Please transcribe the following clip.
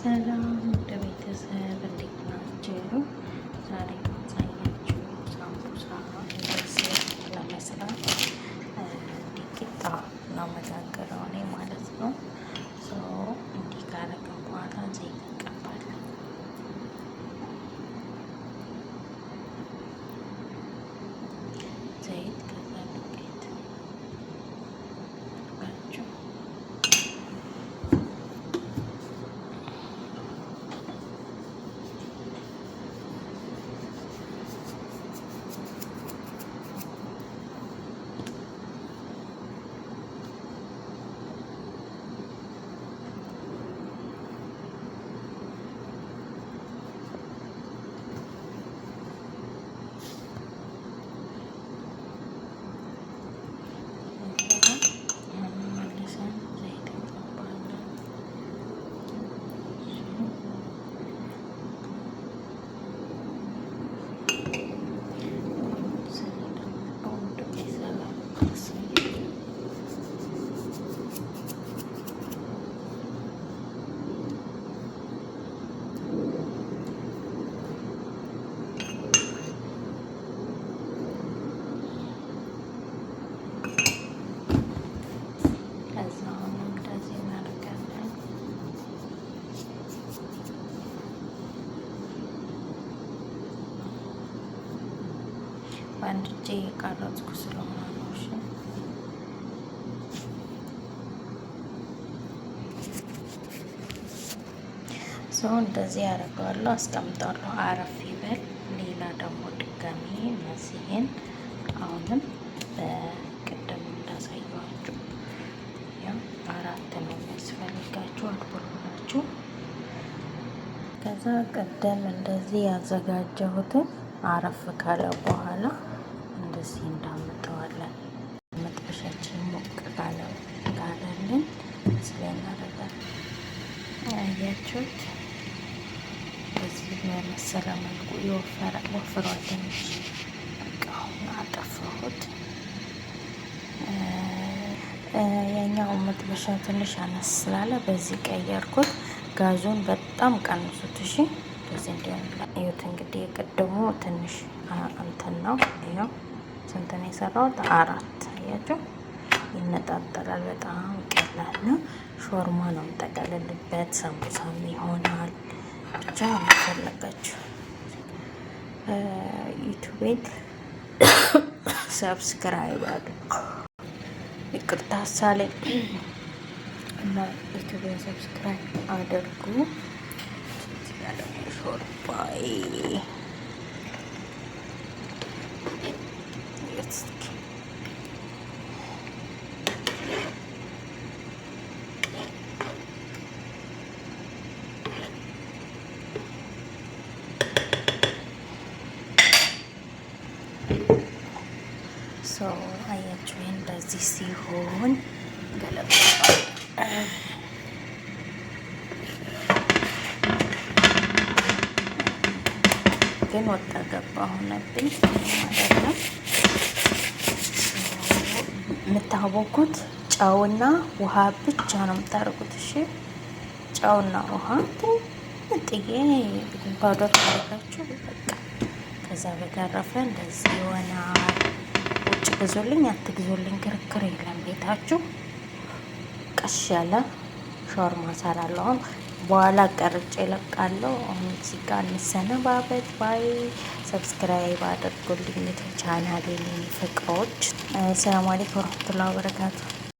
ሰላም ወደ ቤተሰብ እንዴት ናቸው? ዛሬ ማሳያችሁ ሳምቡሳ እንደዚህ ለመስራት ዲቂጣ ነው መጋገረው እኔ ማለት ነው። እንዲህ ካረግን በኋላ ዜጋ ነው። እንደዚህ እናደርጋለን። በአንድ እጄ የቀረጽኩ ስለሆነ ነው። ሰው እንደዚህ ያደርገዋለሁ፣ አስቀምጠዋለሁ አረፍ ይበል። ሌላ ደግሞ ድጋሚ እነዚህን አሁንም ከዛ ቀደም እንደዚህ ያዘጋጀሁትን አረፍ ካለ በኋላ እንደዚህ እንዳመጠዋለን። መጥበሻችን ሞቅ ካለ ጋለልን ካለልን እናደርጋል። አያችሁት? በዚህ በመሰለ መልኩ ወፍሯል። ትንሽ እቃውን አጠፋሁት። የኛው መጥበሻ ትንሽ አነስ ስላለ በዚህ ቀየርኩት። ጋዙን በጣም ቀንሱት። እሺ በዚህ እንዲሆን እዩት። እንግዲህ የቀደሙ ትንሽ እንትን ነው። ያው ስንት ነው የሰራሁት? አራት አያችሁ፣ ይነጣጠላል። በጣም ቀላል ነው። ሾርማ ነው የምጠቀልልበት፣ ሰንቡሳም ይሆናል። ብቻ ፈለጋችሁ ዩቱቤን ሰብስክራይብ አድርጉ። ይቅርታ ሳሌ እና ዩቲዩብን ሰብስክራይብ አድርጉ። ሾርባዬ ሰው አያችሁን። በዚህ ሲሆን ገለባ ግን ወጣ ገባ ሆነብኝ። አይደለም የምታቦኩት ጨውና ውሃ ብቻ ነው የምታደርጉት። እሺ ጨውና ውሃ ጥዬ ባዶ ታደርጋችሁ በቃ። ከዛ በተረፈ እንደዚህ የሆነ ውጭ ግዙልኝ አትግዙልኝ ክርክር የለም ቤታችሁ ቀስ ያለ ሾርማ ሰራለሁ። አሁን በኋላ ቀርጬ እለቃለሁ። አሁን እዚህ ጋር እንሰነባበት ባይ። ሰብስክራይብ አድርጉልኝ ቻናሌ ፍቅሮች። ሰላም አለይኩም ወረህመቱላሂ ወበረካቱ